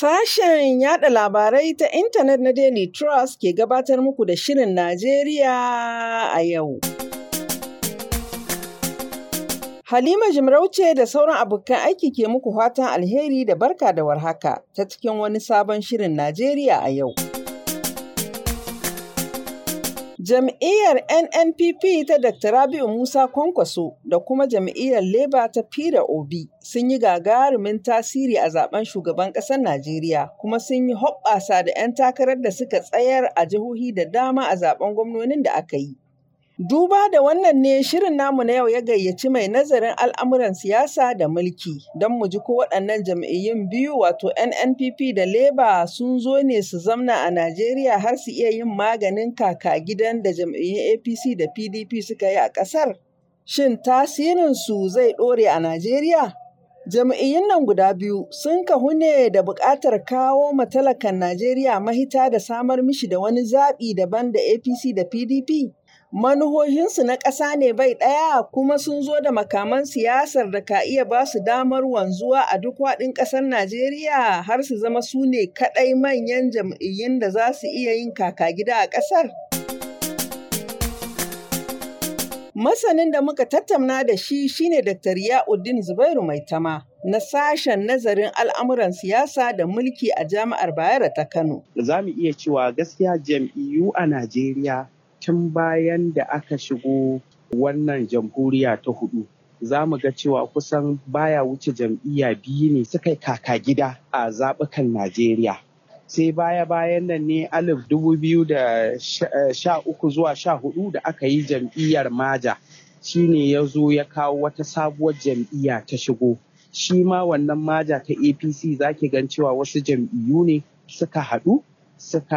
Sashen yada labarai ta intanet na Daily Trust ke gabatar muku da Shirin Najeriya a yau. Halima Jimarauce da sauran abokan aiki ke muku fatan alheri da barka da warhaka ta cikin wani sabon Shirin Najeriya a yau. Jam'iyyar NNPP ta Dr. Rabi'u Musa Kwankwaso da kuma jam'iyyar Leba ta Peter Obi sun yi gagarumin tasiri a zaben shugaban ƙasar Najeriya kuma sun yi hoɓɓasa da 'yan takarar da suka tsayar a jihohi da dama a zaben gwamnonin da aka yi. Duba da wannan ne shirin namu na yau ya gayyaci mai nazarin al'amuran siyasa da mulki don mu ji ko waɗannan jam'iyyun biyu wato NNPP da Labour sun zo ne su zamna a Najeriya har su iya yin maganin kaka gidan da jam'iyyun APC da PDP suka yi a ƙasar. Shin tasirinsu zai ɗore a Najeriya? Jam'iyyun nan guda biyu sun kahu ne da buƙatar kawo matalakan Najeriya mahita da samar mishi da wani zaɓi daban da APC da PDP. manuhohinsu na ƙasa ne bai ɗaya kuma sun zo da makaman siyasar da ka iya ba su damar wanzuwa a duk waɗin ƙasar Najeriya har su zama su ne kaɗai manyan jam'iyyun da za su iya yin kaka gida a ƙasar. Masanin da muka tattauna da shi shine Dr. Ya'uddin Zubairu Maitama na sashen nazarin al'amuran siyasa da mulki a Jami'ar Bayero ta Kano. Za mu iya cewa gaskiya jam'iyyu a Najeriya tun bayan da aka shigo wannan jamhuriya ta hudu za mu ga cewa kusan baya wuce jam'iyya biyu ne suka yi kaka gida a zaɓukan Najeriya. Sai baya-bayan nan ne alif dubu biyu da eh, sha uku zuwa sha hudu da aka yi jam'iyyar Maja shi ne ya zo ya kawo wata sabuwar jam'iyya ta shigo. Shi ma wannan Maja ta APC za ki gan cewa wasu jam'iyyu ne suka haɗu suka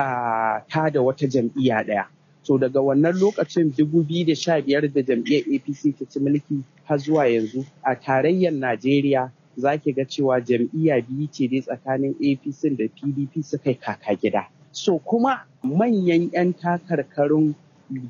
tada wata jam'iyya ɗaya. so daga wannan lokacin 2015 da jam'iyyar apc ta ci mulki har zuwa yanzu a tarayyar najeriya za ki ga cewa jam'iyya biyu ce dai tsakanin apc da pdp suka yi kaka gida so kuma manyan 'yan takarkarun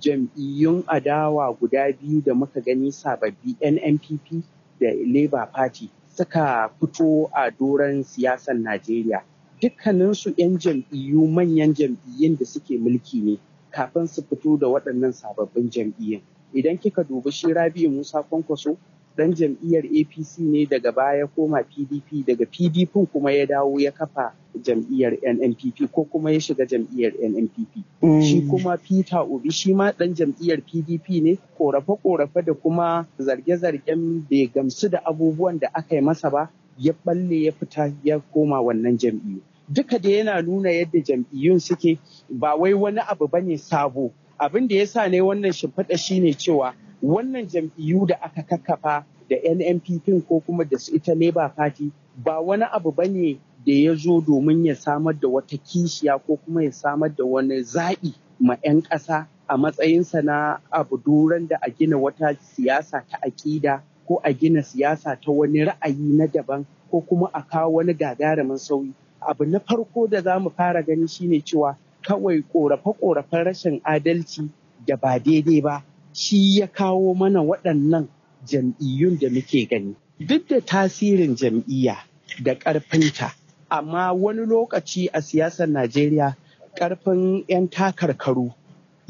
jam'iyyun adawa guda biyu da muka gani sababbi nnpp da labour party suka fito a doron siyasar najeriya dukkaninsu 'yan jam'iyyu manyan jam'iyyun da suke mulki ne kafin su fito da waɗannan sababbin jam'iyyun idan kika dubi shi rabiu musa kwankwaso ɗan jam'iyyar apc ne daga baya koma pdp daga pdp kuma ya dawo ya kafa jam'iyyar nnpp ko kuma ya shiga jam'iyyar nnpp mm. shi kuma peter obi shi ma ɗan jam'iyyar pdp ne korafe-korafe da kuma zarge-zargen bai gamsu da abubuwan da aka yi masa ba ya ɓalle ya fita ya koma wannan jam'iyyu duka da yana nuna yadda jam'iyyun suke ba wai wani abu bane sabo abin da ya sa ne wannan shimfiɗa shine cewa wannan jam'iyyu da aka kakkafa da nnpp ko kuma da su ita labour party ba wani abu bane da ya zo domin ya samar da wata kishiya ko kuma ya samar da wani zaɓi ma 'yan ƙasa a matsayinsa na abu duran da a gina wata siyasa ta aƙida ko a gina siyasa ta wani ra'ayi na daban ko kuma a kawo wani gagarumin sauyi abu na farko da za mu fara gani shine cewa kawai korafe-korafen rashin adalci da ba daidai ba shi ya kawo mana waɗannan jam'iyyun da muke gani duk da tasirin jam'iyya da ƙarfinta amma wani lokaci a siyasar najeriya ƙarfin 'yan takarkaru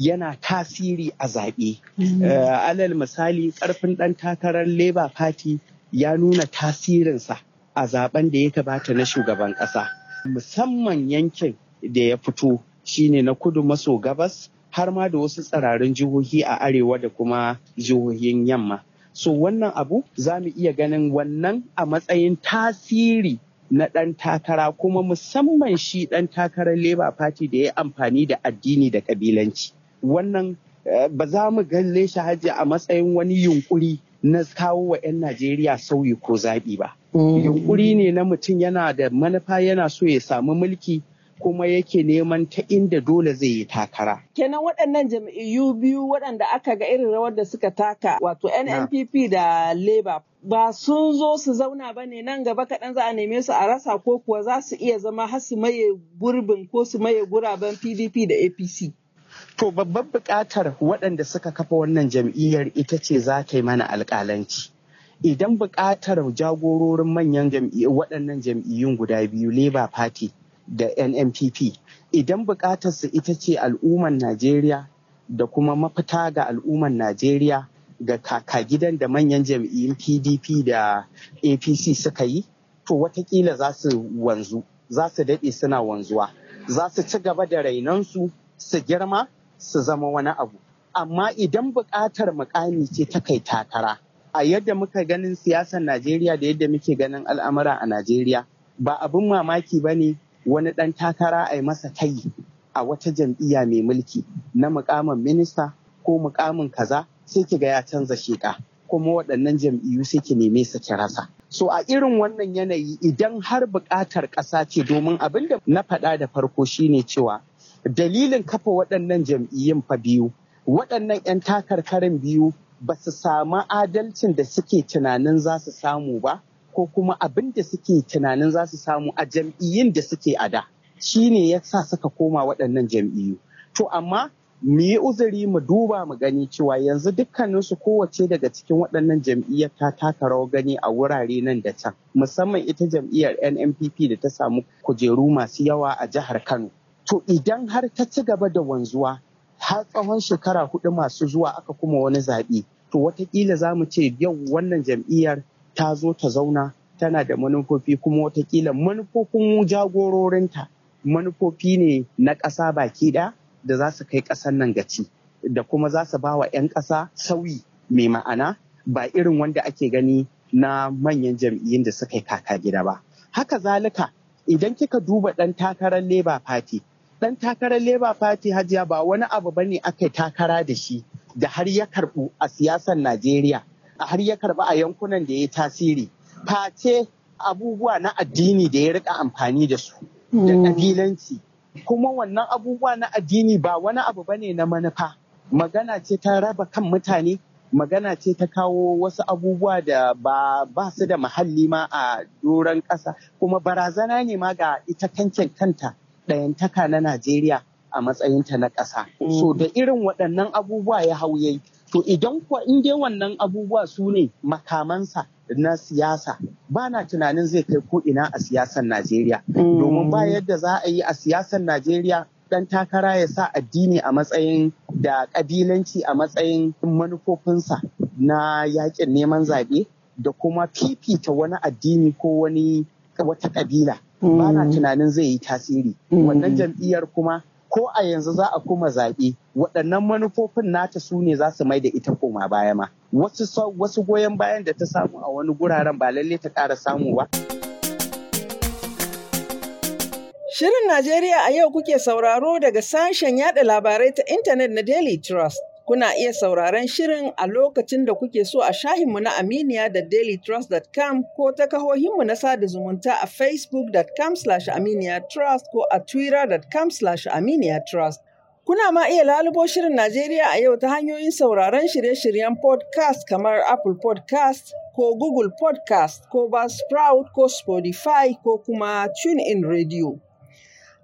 yana tasiri a zaɓe mm-hmm. eh, alal misali ƙarfin ɗan takarar labour party ya nuna tasirinsa a zaben da ya gabata na shugaban ƙasa musamman yankin da ya fito shine na kudu maso gabas har ma da wasu tsirarin jihohi a arewa da kuma jihohin yamma so wannan abu za mu iya ganin wannan a matsayin tasiri na ɗan takara kuma musamman shi ɗan takarar labour party da ya amfani da addini da ƙabilanci wannan eh, ba za mu galle shi hajji a matsayin wani yunkuri na kawo wa 'yan najeriya sauyi ko zaɓi ba Mm. yunkuri ne na mutum yana da manufa yana so ya samu mulki kuma yake neman ta inda dole zai yi takara. Kenan waɗannan jam'iyyu biyu waɗanda aka ga irin rawar da suka taka wato NNPP da Labour ba sun zo su zauna ba ne nan gaba kaɗan za a neme su a rasa ko kuwa za su iya zama har su maye gurbin ko su maye guraben PDP da APC. To babban buƙatar waɗanda suka kafa wannan jam'iyyar ita ce za ta yi mana alƙalanci. idan buƙatar jagororin manyan waɗannan jam'iyyun guda biyu labour party da nnpp idan su ita ce al'umman najeriya da kuma mafita ga al'umman najeriya ga gidan da manyan jam'iyyun pdp da apc suka yi to watakila za su wanzu za su daɗe suna wanzuwa za su ci gaba da rainansu su girma su zama wani abu amma idan buƙatar mukami ce ta kai takara a yadda muka ganin siyasar Najeriya da yadda muke ganin al'amura a Najeriya ba abin mamaki ba ne wani ɗan takara a yi masa kai a wata jam'iyya mai mulki na mukamin minista ko mukamin kaza sai ki ga ya canza sheka kuma waɗannan jam'iyyu sai ki neme sa ki rasa. So a irin wannan yanayi idan har buƙatar ƙasa ce domin abin da na faɗa da farko shine cewa dalilin kafa waɗannan jam'iyyun fa biyu waɗannan 'yan takarkarin biyu ba su samu adalcin da suke tunanin za su samu ba ko kuma abin da suke tunanin za su samu a jam'iyyun da suke a da shi ne ya sa suka koma waɗannan jam'iyyu to amma mu yi uzuri mu duba mu gani cewa yanzu dukkaninsu kowace daga cikin waɗannan jam'iyyar ta taka rawar gani a wurare nan da can musamman ita jam'iyyar nnpp da ta samu kujeru masu yawa a jihar kano to idan har ta ci gaba da wanzuwa har tsawon shekara hudu masu zuwa aka kuma wani zaɓe to watakila za mu ce yau wannan jam'iyyar ta zo ta zauna tana da manufofi kuma watakila manufofin jagororinta manufofi ne na ƙasa baki da da za su kai ƙasar nan gaci da kuma za su ba wa 'yan ƙasa sauyi mai ma'ana ba irin wanda ake gani na manyan jam'iyyun da suka yi kaka gida ba haka zalika idan kika duba ɗan takarar labour party dan takarar Labour Party Hajiya ba wani abu bane aka takara da shi da har ya karbu a siyasar Najeriya a har ya karbu a yankunan da ya yi tasiri face abubuwa na addini da ya rika amfani da su da kabilanci mm. kuma wannan abubuwa na addini ba wani abu bane na manufa magana ce ta raba kan mutane magana ce ta kawo wasu abubuwa da ba, ba su da mahalli ma a doron ƙasa kuma barazana ne ma ga ita kankin kanta ɗayantaka na Najeriya a matsayinta na ƙasa. So mm. da irin waɗannan abubuwa ya hau yayi. To idan kuwa in dai wannan abubuwa su ne makamansa na siyasa ba na tunanin zai kai ko ina a siyasar Najeriya. Mm. Domin ba yadda za a yi a siyasar Najeriya ɗan takara ya sa addini a matsayin da ƙabilanci a matsayin manufofinsa na yakin neman zaɓe da kuma fifita wani addini ko wani wata ƙabila ba na mm. tunanin zai yi tasiri mm. wannan jam'iyyar kuma ko a yanzu za a kuma zaɓe waɗannan manufofin nata su ne za su mai da ita koma baya ma wasu goyon bayan da ta samu a wani guraren ba lalle ta ƙara samu ba Shirin Najeriya a yau kuke sauraro daga sashen yada labarai ta intanet na Daily Trust. Kuna iya sauraron shirin a lokacin da kuke so a shahinmu na Aminiya da dailytrust.com ko ta kahohinmu na sada zumunta a facebook.com aminiyatrust ko a twitter.com aminiyatrust. Kuna ma iya lalubo shirin Najeriya a yau ta hanyoyin sauraron shirye-shiryen podcast kamar Apple podcast ko Google podcast ko Buzzsprout ko Spotify ko kuma in Radio.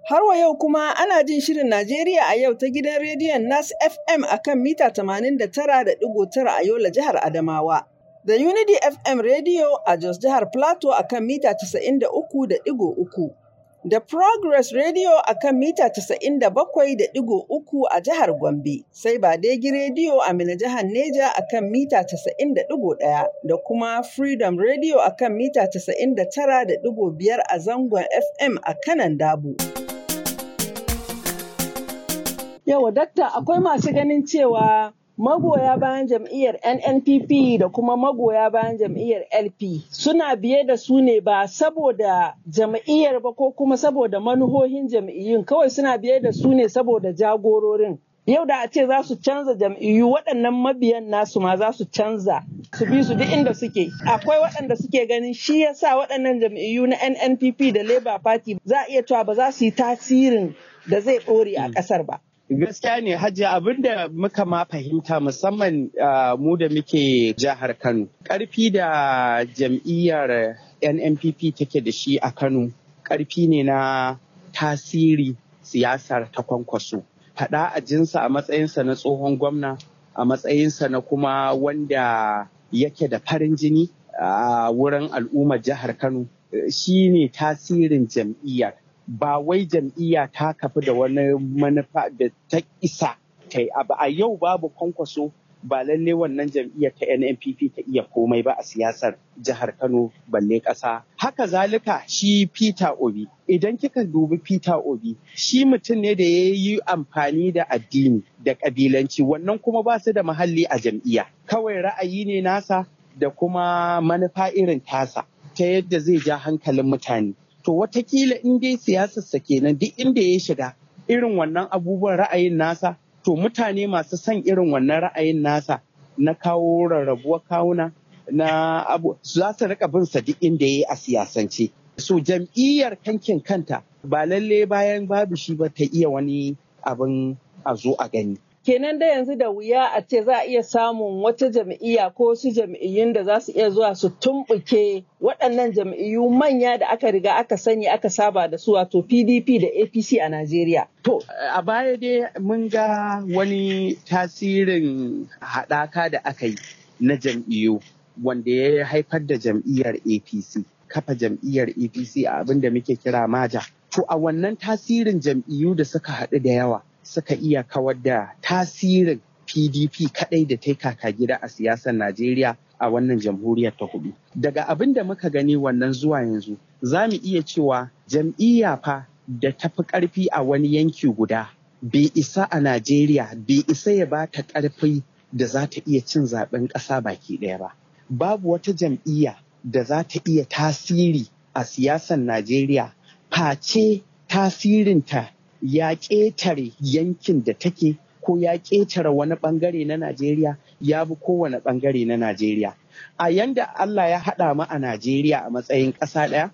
Har wa yau kuma ana jin shirin Najeriya a yau ta gidan rediyon Nas FM a kan mita 89.9 a Yola jihar Adamawa. Da Unity FM Radio a Jos jihar Plateau a kan mita 93.3. Da Progress Radio a kan mita 97.3 a jihar Gombe, sai Badegi Radio a Mina jihar Neja a kan mita 91.1. da kuma Freedom Radio a kan mita 99.5 a zangon FM a kanan Dabu. Yawa dakta akwai masu ganin cewa magoya bayan jam'iyyar NNPP da kuma magoya bayan jam'iyyar LP suna biye da su ne ba saboda jam'iyyar ba ko kuma saboda manuhohin jam'iyyun kawai suna biye da su ne saboda jagororin. Yau da a ce za su canza jam'iyyu waɗannan mabiyan nasu ma za su canza su bi su duk inda suke. Akwai waɗanda suke ganin shi yasa waɗannan jam'iyyu na NNPP da Labour Party za a iya cewa ba za su yi tasirin da zai ɗore a ƙasar ba. Gaskiya ne hajji abinda muka ma fahimta musamman mu da muke jihar Kano. Karfi da jam'iyyar NNPP take da shi a Kano, karfi ne na tasiri siyasar ta kwankwaso. Faɗa a jinsa a matsayinsa na tsohon gwamna, a matsayinsa na kuma wanda yake da farin jini a wurin al'ummar jihar Kano. Shi ne tasirin jam'iyyar. ba wai jam'iyya ta kafi da wani manufa da ta isa ta yi abu a yau babu kwankwaso ba lalle wannan jam'iyyar ta NNPP ta iya komai ba a siyasar jihar Kano balle ƙasa. Haka zalika shi Peter Obi idan kika dubi Peter Obi shi mutum ne da ya yi amfani da addini da ƙabilanci wannan kuma ba su da mahalli a jam'iyya kawai ra'ayi ne nasa da kuma manufa irin tasa ta yadda zai ja hankalin mutane. to watakila in dai siyasar sa kenan duk inda ya shiga irin wannan abubuwan ra'ayin nasa to mutane masu son irin wannan ra'ayin nasa na kawo rarrabuwar kawuna na abu za su rika bin sa duk inda yayi a siyasance so jam'iyyar kankin kanta ba lalle bayan babu shi ba ta iya wani abin a zo a gani kenan da yanzu da wuya a ce za a iya samun wata jam'iyya ko wasu jam'iyyun da za su iya zuwa su tumbuke waɗannan jam'iyyu manya da aka riga aka sani aka saba da su wato pdp da apc a najeriya to a baya dai mun ga wani tasirin haɗaka da aka yi na jam'iyyu wanda ya haifar da jam'iyyar apc kafa jam'iyyar apc a abin da muke kira maja to a wannan tasirin jam'iyyu da suka haɗu da yawa suka iya kawar da tasirin PDP kadai da ta kaka gida a siyasar Najeriya a wannan jamhuriyar ta hudu. Daga abin da muka gani wannan zuwa yanzu, za mu iya cewa jam'iyya fa da ta fi karfi a wani yanki guda, bai isa a Najeriya bai isa ya ba ta karfi da za ta iya cin zaben ƙasa baki ɗaya ba. Babu wata jam'iyya da za ta iya tasiri a siyasar Najeriya face tasirinta ya ƙetare yankin da take ko ya ƙetare wani ɓangare na Najeriya ya bi kowane ɓangare na Najeriya. A yanda Allah ya haɗa mu a Najeriya a matsayin ƙasa ɗaya,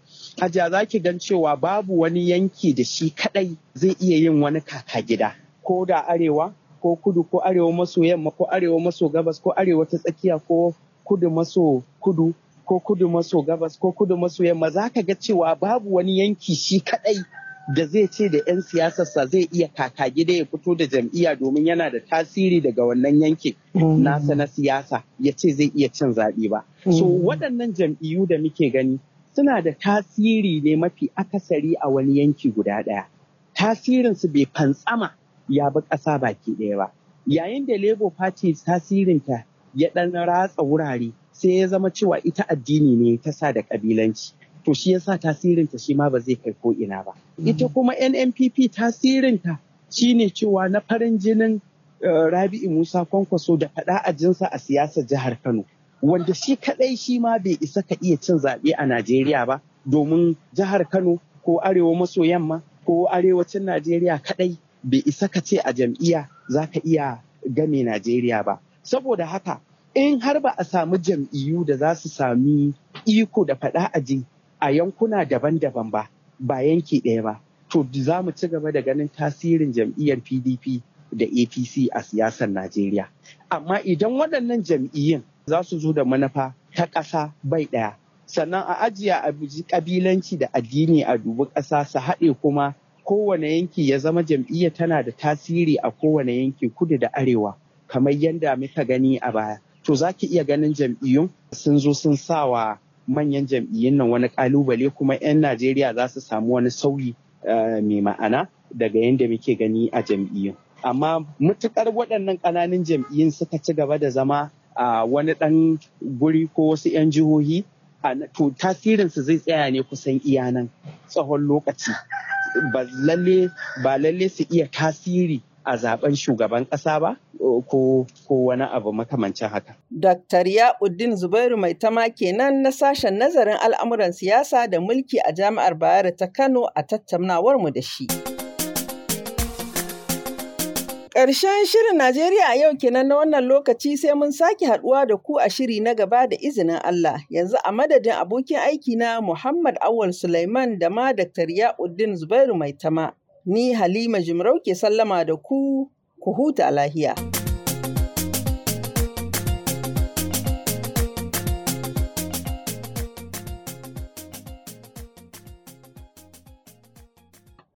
ja za ki gan cewa babu wani yanki da shi kaɗai zai iya yin wani kaka gida, ko da arewa, ko kudu, ko arewa maso yamma, ko arewa maso gabas, ko arewa ta tsakiya, ko kudu maso kudu, ko kudu maso gabas, ko kudu maso yamma, za ka ga cewa babu wani yanki shi kaɗai da zai ce da 'yan siyasarsa zai iya kaka gida ya fito da jam'iyya domin yana da tasiri daga wannan yankin mm. nasa na siyasa ya ce zai iya cin zaɓe ba. Mm. So waɗannan jam'iyyu da muke gani suna da tasiri ne mafi akasari a wani yanki guda ɗaya. Tasirinsu bai fantsama ya bi ƙasa baki ɗaya ba. Yayin da Labour Party tasirinta ya ɗan ratsa wurare sai ya zama cewa ita addini ne ta sa da ƙabilanci. to shi yasa tasirinta shi ma ba zai kai ko ina ba mm. ita kuma NNPP tasirinta shine cewa na farin jinin eh, Rabi'u Musa Kwankwaso da faɗa a jinsa a siyasar jihar Kano wanda shi kadai shi ma bai isa ka iya cin zaɓe a Najeriya ba domin jihar Kano ko arewa maso yamma ko arewacin Najeriya kadai bai isa ka ce a jam'iyya za ka iya game Najeriya ba. Saboda haka in har ba a samu jam'iyyu da za su sami iko da faɗa aji a yankuna daban-daban ba ba yanki ɗaya ba to za mu ci gaba da ganin tasirin jam'iyyar pdp da apc a siyasar najeriya amma idan waɗannan jam'iyyun za su zo da manufa ta ƙasa bai ɗaya sannan a ajiye a ƙabilanci da addini a dubi ƙasa su haɗe kuma kowane yanki ya zama jam'iyya tana da tasiri a kowane yanki kudu da arewa kamar yadda muka gani a baya to za ki iya ganin jam'iyyun sun zo sun sawa manyan jam'iyyun nan wani kalubale kuma 'yan Najeriya za su samu wani sauyi eh, mai ma'ana daga yadda muke gani a jam'iyyun. Amma mutukar waɗannan ƙananan jam'iyyun suka ci gaba da zama a wani ɗan guri ko wasu 'yan jihohi to tasirinsu zai tsaya ne kusan iya nan tsawon lokaci ba lalle su iya tasiri a zaben shugaban ƙasa ba ko wani abu makamancin haka. Dr. Ya'uddin Zubairu mai tama kenan na sashen nazarin al'amuran siyasa da mulki a Jami'ar Bayero ta Kano a tattaunawar mu da shi. Ƙarshen shirin Najeriya a yau kenan na wannan lokaci sai mun sake haɗuwa da ku a shiri na gaba da izinin Allah. Yanzu a madadin abokin aiki na Muhammad Awal Sulaiman da ma Dr. Ya'uddin Zubairu Maitama Ni Halima Jimarau ke sallama da ku, ku huta lahiya.